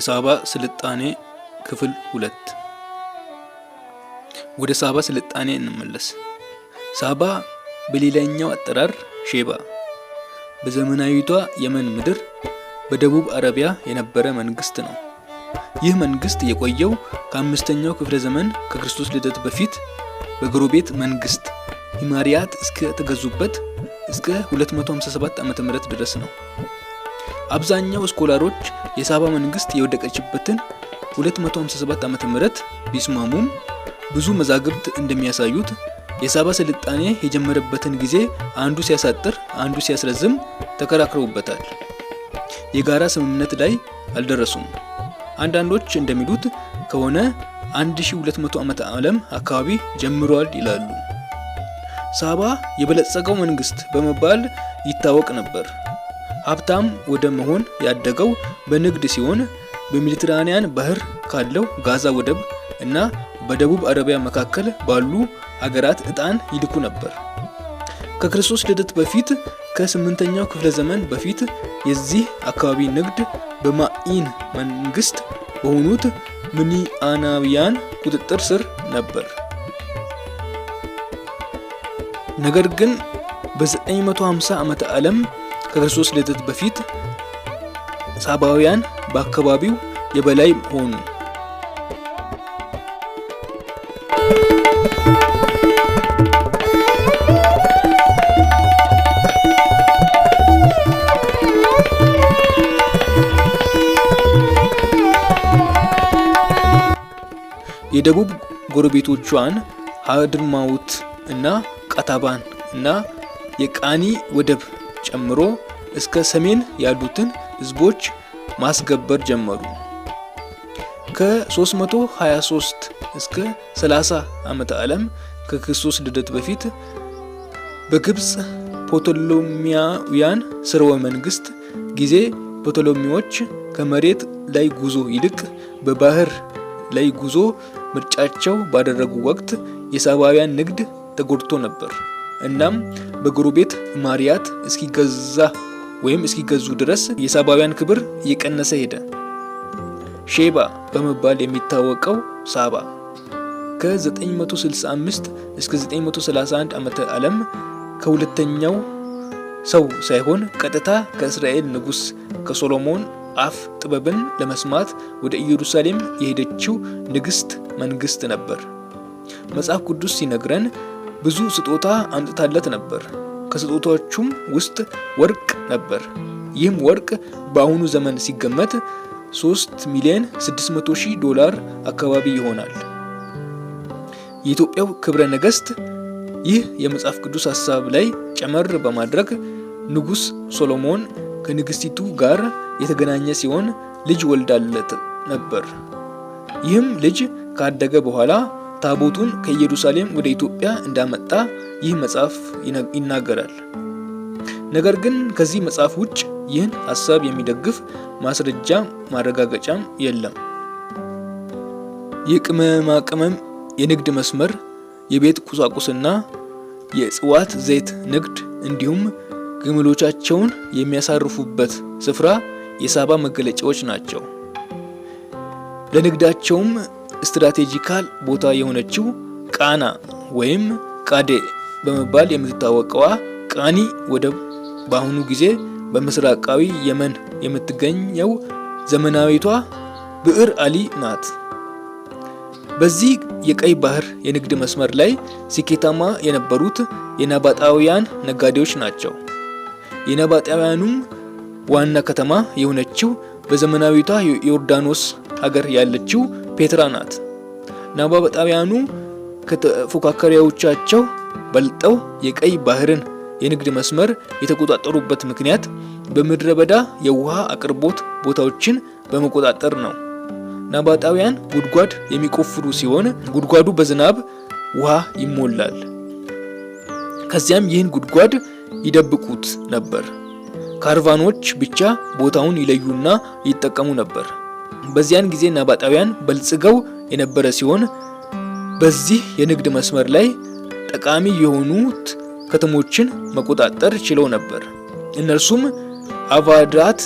የሳባ ስልጣኔ ክፍል ሁለት ወደ ሳባ ስልጣኔ እንመለስ። ሳባ በሌላኛው አጠራር ሼባ በዘመናዊቷ የመን ምድር በደቡብ አረቢያ የነበረ መንግስት ነው። ይህ መንግስት የቆየው ከአምስተኛው ክፍለ ዘመን ከክርስቶስ ልደት በፊት በጎረቤት መንግስት ሂማሪያት እስከ ተገዙበት እስከ 257 ም ድረስ ነው። አብዛኛው ስኮላሮች የሳባ መንግስት የወደቀችበትን 257 ዓመተ ምህረት ቢስማሙም ብዙ መዛግብት እንደሚያሳዩት የሳባ ስልጣኔ የጀመረበትን ጊዜ አንዱ ሲያሳጥር አንዱ ሲያስረዝም ተከራክረውበታል። የጋራ ስምምነት ላይ አልደረሱም። አንዳንዶች እንደሚሉት ከሆነ 1200 ዓመተ ዓለም አካባቢ ጀምረዋል ይላሉ። ሳባ የበለጸገው መንግስት በመባል ይታወቅ ነበር። ሀብታም ወደ መሆን ያደገው በንግድ ሲሆን በሜዲትራንያን ባህር ካለው ጋዛ ወደብ እና በደቡብ አረቢያ መካከል ባሉ አገራት ዕጣን ይልኩ ነበር። ከክርስቶስ ልደት በፊት ከስምንተኛው ክፍለ ዘመን በፊት የዚህ አካባቢ ንግድ በማኢን መንግስት በሆኑት ምኒአናውያን ቁጥጥር ስር ነበር። ነገር ግን በ950 ዓመተ ዓለም ከክርስቶስ ልደት በፊት ሳባውያን በአካባቢው የበላይ ሆኑ። የደቡብ ጎረቤቶቿን ሀድርማውት እና ቀታባን እና የቃኒ ወደብ ጨምሮ እስከ ሰሜን ያሉትን ህዝቦች ማስገበር ጀመሩ። ከ323 እስከ 30 ዓመተ ዓለም ከክርስቶስ ልደት በፊት በግብፅ ፖቶሎሚያውያን ስርወ መንግስት ጊዜ ፖቶሎሚዎች ከመሬት ላይ ጉዞ ይልቅ በባህር ላይ ጉዞ ምርጫቸው ባደረጉ ወቅት የሳባውያን ንግድ ተጎድቶ ነበር። እናም ቤት ማሪያት እስኪገዛ ወይም እስኪገዙ ድረስ የሳባውያን ክብር እየቀነሰ ሄደ። ሼባ በመባል የሚታወቀው ሳባ ከ965 እስከ 931 ዓመተ ዓለም ከሁለተኛው ሰው ሳይሆን ቀጥታ ከእስራኤል ንጉሥ ከሶሎሞን አፍ ጥበብን ለመስማት ወደ ኢየሩሳሌም የሄደችው ንግሥት መንግሥት ነበር። መጽሐፍ ቅዱስ ሲነግረን ብዙ ስጦታ አምጥታለት ነበር። ከስጦታዎቹም ውስጥ ወርቅ ነበር። ይህም ወርቅ በአሁኑ ዘመን ሲገመት 3 ሚሊዮን 600 ሺህ ዶላር አካባቢ ይሆናል። የኢትዮጵያው ክብረ ነገስት ይህ የመጽሐፍ ቅዱስ ሀሳብ ላይ ጨመር በማድረግ ንጉሥ ሶሎሞን ከንግሥቲቱ ጋር የተገናኘ ሲሆን ልጅ ወልዳለት ነበር። ይህም ልጅ ካደገ በኋላ ታቦቱን ከኢየሩሳሌም ወደ ኢትዮጵያ እንዳመጣ ይህ መጽሐፍ ይናገራል። ነገር ግን ከዚህ መጽሐፍ ውጭ ይህን ሀሳብ የሚደግፍ ማስረጃ ማረጋገጫም የለም። የቅመማ ቅመም የንግድ መስመር፣ የቤት ቁሳቁስና የእጽዋት ዘይት ንግድ እንዲሁም ግምሎቻቸውን የሚያሳርፉበት ስፍራ የሳባ መገለጫዎች ናቸው። ለንግዳቸውም ስትራቴጂካል ቦታ የሆነችው ቃና ወይም ቃዴ በመባል የምትታወቀዋ ቃኒ ወደብ በአሁኑ ጊዜ በምስራቃዊ የመን የምትገኘው ዘመናዊቷ ብዕር አሊ ናት። በዚህ የቀይ ባህር የንግድ መስመር ላይ ስኬታማ የነበሩት የናባጣውያን ነጋዴዎች ናቸው። የናባጣውያኑም ዋና ከተማ የሆነችው በዘመናዊቷ ዮርዳኖስ ሀገር ያለችው ፔትራ ናት። ናባ በጣቢያኑ ከተፎካካሪዎቻቸው በልጠው የቀይ ባህርን የንግድ መስመር የተቆጣጠሩበት ምክንያት በምድረ በዳ የውሃ አቅርቦት ቦታዎችን በመቆጣጠር ነው። ናባጣውያን ጉድጓድ የሚቆፍሩ ሲሆን ጉድጓዱ በዝናብ ውሃ ይሞላል። ከዚያም ይህን ጉድጓድ ይደብቁት ነበር። ካርቫኖች ብቻ ቦታውን ይለዩና ይጠቀሙ ነበር። በዚያን ጊዜ ናባጣውያን በልጽገው የነበረ ሲሆን በዚህ የንግድ መስመር ላይ ጠቃሚ የሆኑት ከተሞችን መቆጣጠር ችለው ነበር። እነርሱም አቫዳት፣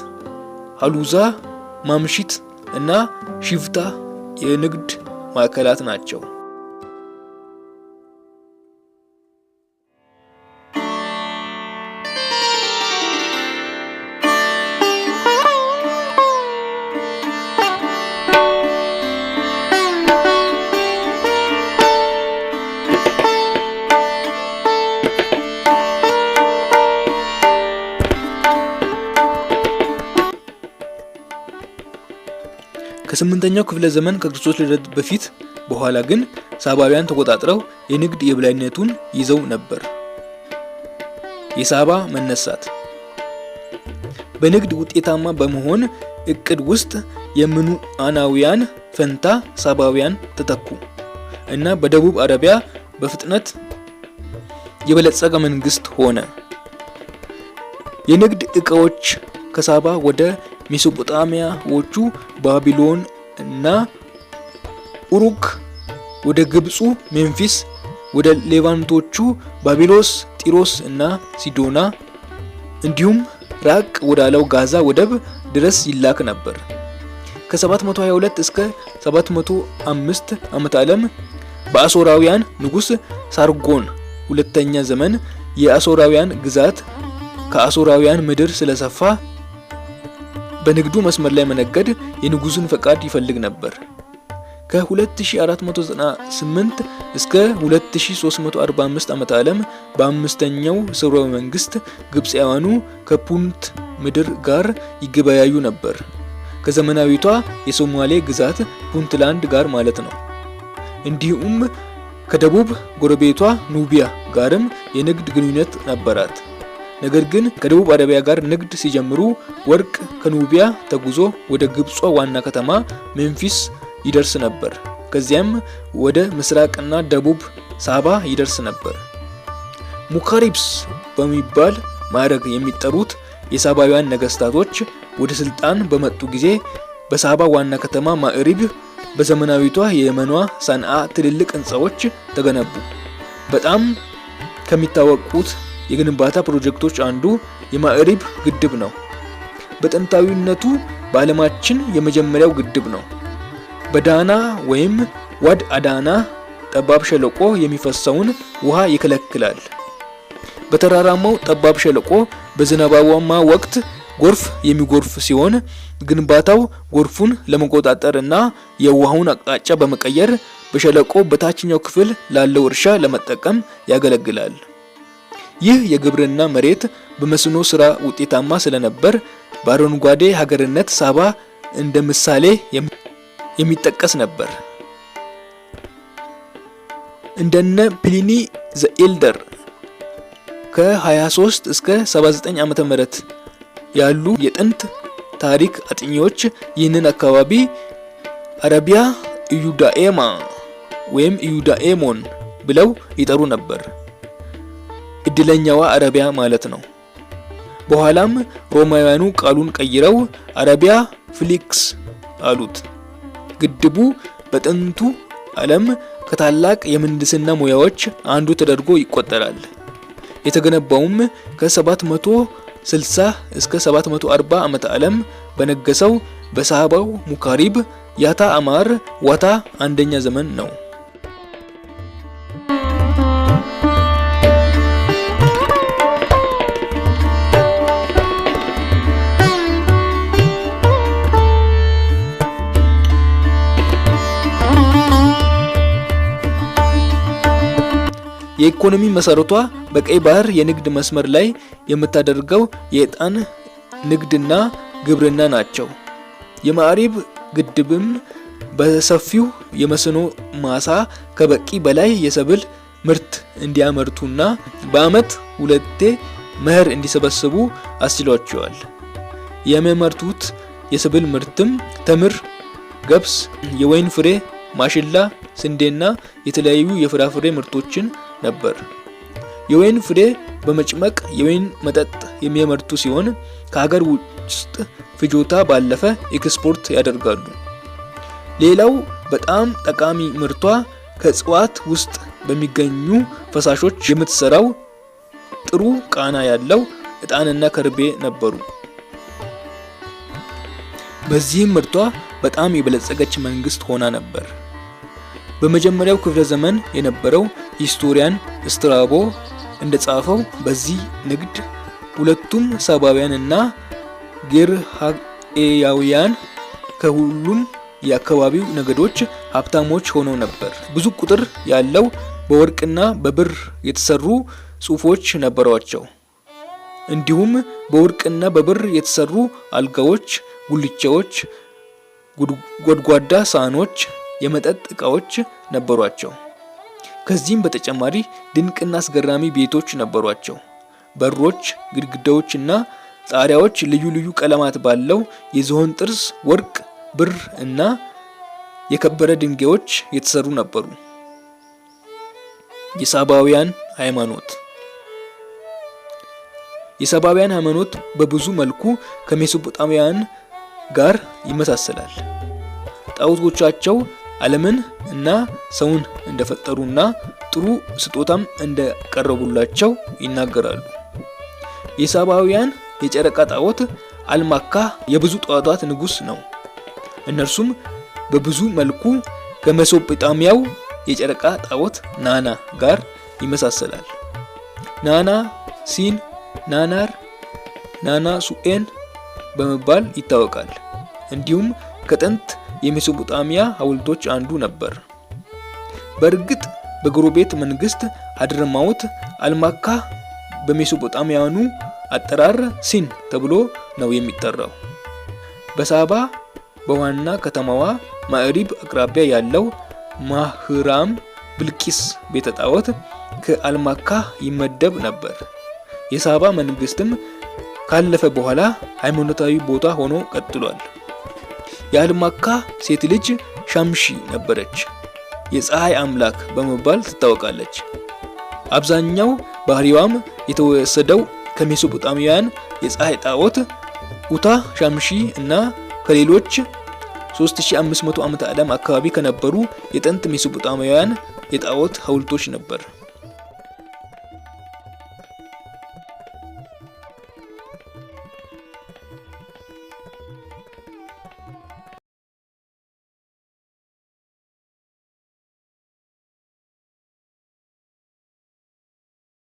ሀሉዛ፣ ማምሽት እና ሽፍታ የንግድ ማዕከላት ናቸው። ከስምንተኛው ክፍለ ዘመን ከክርስቶስ ልደት በፊት በኋላ ግን ሳባውያን ተቆጣጥረው የንግድ የበላይነቱን ይዘው ነበር። የሳባ መነሳት በንግድ ውጤታማ በመሆን እቅድ ውስጥ የምኑአናውያን ፈንታ ሳባውያን ተተኩ እና በደቡብ አረቢያ በፍጥነት የበለጸገ መንግስት ሆነ። የንግድ እቃዎች ከሳባ ወደ ሜሶጶጣሚያዎቹ ባቢሎን እና ኡሩክ፣ ወደ ግብፁ ሜምፊስ፣ ወደ ሌቫንቶቹ ባቢሎስ፣ ጢሮስ እና ሲዶና እንዲሁም ራቅ ወዳለው ጋዛ ወደብ ድረስ ይላክ ነበር። ከ722 እስከ 705 ዓመት ዓለም በአሶራውያን ንጉስ ሳርጎን ሁለተኛ ዘመን የአሶራውያን ግዛት ከአሶራውያን ምድር ስለሰፋ በንግዱ መስመር ላይ መነገድ የንጉሱን ፈቃድ ይፈልግ ነበር። ከ2498 እስከ 2345 ዓ ዓለም በአምስተኛው ስርወ መንግስት ግብፃውያኑ ከፑንት ምድር ጋር ይገበያዩ ነበር። ከዘመናዊቷ የሶማሌ ግዛት ፑንትላንድ ጋር ማለት ነው። እንዲሁም ከደቡብ ጎረቤቷ ኑቢያ ጋርም የንግድ ግንኙነት ነበራት። ነገር ግን ከደቡብ አረቢያ ጋር ንግድ ሲጀምሩ ወርቅ ከኑቢያ ተጉዞ ወደ ግብጿ ዋና ከተማ ሜምፊስ ይደርስ ነበር። ከዚያም ወደ ምስራቅና ደቡብ ሳባ ይደርስ ነበር። ሙካሪብስ በሚባል ማዕረግ የሚጠሩት የሳባውያን ነገስታቶች ወደ ስልጣን በመጡ ጊዜ በሳባ ዋና ከተማ ማዕሪብ በዘመናዊቷ የየመኗ ሳንአ ትልልቅ ህንፃዎች ተገነቡ። በጣም ከሚታወቁት የግንባታ ፕሮጀክቶች አንዱ የማዕሪብ ግድብ ነው። በጥንታዊነቱ በዓለማችን የመጀመሪያው ግድብ ነው። በዳና ወይም ዋድ አዳና ጠባብ ሸለቆ የሚፈሰውን ውሃ ይከለክላል። በተራራማው ጠባብ ሸለቆ በዝናባማ ወቅት ጎርፍ የሚጎርፍ ሲሆን ግንባታው ጎርፉን ለመቆጣጠር እና የውሃውን አቅጣጫ በመቀየር በሸለቆ በታችኛው ክፍል ላለው እርሻ ለመጠቀም ያገለግላል። ይህ የግብርና መሬት በመስኖ ስራ ውጤታማ ስለነበር በአረንጓዴ ሀገርነት ሳባ እንደ ምሳሌ የሚጠቀስ ነበር። እንደነ ፕሊኒ ዘኤልደር ከ23 እስከ 79 ዓመተ ምህረት ያሉ የጥንት ታሪክ አጥኚዎች ይህንን አካባቢ አረቢያ ኢዩዳኤማ ወይም ኢዩዳኤሞን ብለው ይጠሩ ነበር። እድለኛዋ አረቢያ ማለት ነው። በኋላም ሮማውያኑ ቃሉን ቀይረው አረቢያ ፍሊክስ አሉት። ግድቡ በጥንቱ ዓለም ከታላቅ የምህንድስና ሙያዎች አንዱ ተደርጎ ይቆጠራል። የተገነባውም ከ760 እስከ 740 ዓመተ ዓለም በነገሰው በሳባው ሙካሪብ ያታ አማር ዋታ አንደኛ ዘመን ነው። የኢኮኖሚ መሰረቷ በቀይ ባህር የንግድ መስመር ላይ የምታደርገው የዕጣን ንግድና ግብርና ናቸው። የማዕሪብ ግድብም በሰፊው የመስኖ ማሳ ከበቂ በላይ የሰብል ምርት እንዲያመርቱና በዓመት ሁለቴ መኸር እንዲሰበስቡ አስችሏቸዋል። የሚያመርቱት የሰብል ምርትም ተምር፣ ገብስ፣ የወይን ፍሬ፣ ማሽላ፣ ስንዴና የተለያዩ የፍራፍሬ ምርቶችን ነበር። የወይን ፍሬ በመጭመቅ የወይን መጠጥ የሚያመርቱ ሲሆን ከሀገር ውስጥ ፍጆታ ባለፈ ኤክስፖርት ያደርጋሉ። ሌላው በጣም ጠቃሚ ምርቷ ከእጽዋት ውስጥ በሚገኙ ፈሳሾች የምትሰራው ጥሩ ቃና ያለው እጣንና ከርቤ ነበሩ። በዚህም ምርቷ በጣም የበለጸገች መንግስት ሆና ነበር። በመጀመሪያው ክፍለ ዘመን የነበረው ሂስቶሪያን ስትራቦ እንደጻፈው በዚህ ንግድ ሁለቱም ሳባውያን እና ግርሃኤያውያን ከሁሉም የአካባቢው ነገዶች ሀብታሞች ሆነው ነበር። ብዙ ቁጥር ያለው በወርቅና በብር የተሰሩ ጽሑፎች ነበሯቸው። እንዲሁም በወርቅና በብር የተሰሩ አልጋዎች፣ ጉልቻዎች፣ ጎድጓዳ ሳህኖች፣ የመጠጥ እቃዎች ነበሯቸው። ከዚህም በተጨማሪ ድንቅና አስገራሚ ቤቶች ነበሯቸው። በሮች፣ ግድግዳዎችና ጣሪያዎች ልዩ ልዩ ቀለማት ባለው የዝሆን ጥርስ፣ ወርቅ፣ ብር እና የከበረ ድንጋዮች የተሰሩ ነበሩ። የሳባውያን ሃይማኖት የሳባውያን ሃይማኖት በብዙ መልኩ ከሜሶፖጣሚያን ጋር ይመሳሰላል። ጣዖቶቻቸው ዓለምን እና ሰውን እንደፈጠሩና ጥሩ ስጦታም እንደቀረቡላቸው ይናገራሉ። የሳባውያን የጨረቃ ጣዖት አልማካ የብዙ ጣዖታት ንጉስ ነው። እነርሱም በብዙ መልኩ ከሜሶጶጣሚያው የጨረቃ ጣዖት ናና ጋር ይመሳሰላል። ናና ሲን፣ ናናር፣ ናና ሱኤን በመባል ይታወቃል። እንዲሁም ከጥንት የሜሶፖጣሚያ ሀውልቶች አንዱ ነበር። በእርግጥ በጎረቤት መንግስት አድርማውት አልማካ በሜሶፖጣሚያኑ አጠራር ሲን ተብሎ ነው የሚጠራው። በሳባ በዋና ከተማዋ ማዕሪብ አቅራቢያ ያለው ማህራም ብልቂስ ቤተ ጣዖት ከአልማካ ይመደብ ነበር። የሳባ መንግስትም ካለፈ በኋላ ሃይማኖታዊ ቦታ ሆኖ ቀጥሏል። የአልማካ ሴት ልጅ ሻምሺ ነበረች። የፀሐይ አምላክ በመባል ትታወቃለች። አብዛኛው ባህሪዋም የተወሰደው ከሜሶፖጣሚያን የፀሐይ ጣዖት ኡታ ሻምሺ እና ከሌሎች 3500 ዓመተ ዓለም አካባቢ ከነበሩ የጥንት ሜሶፖጣሚያን የጣዖት ሐውልቶች ነበር።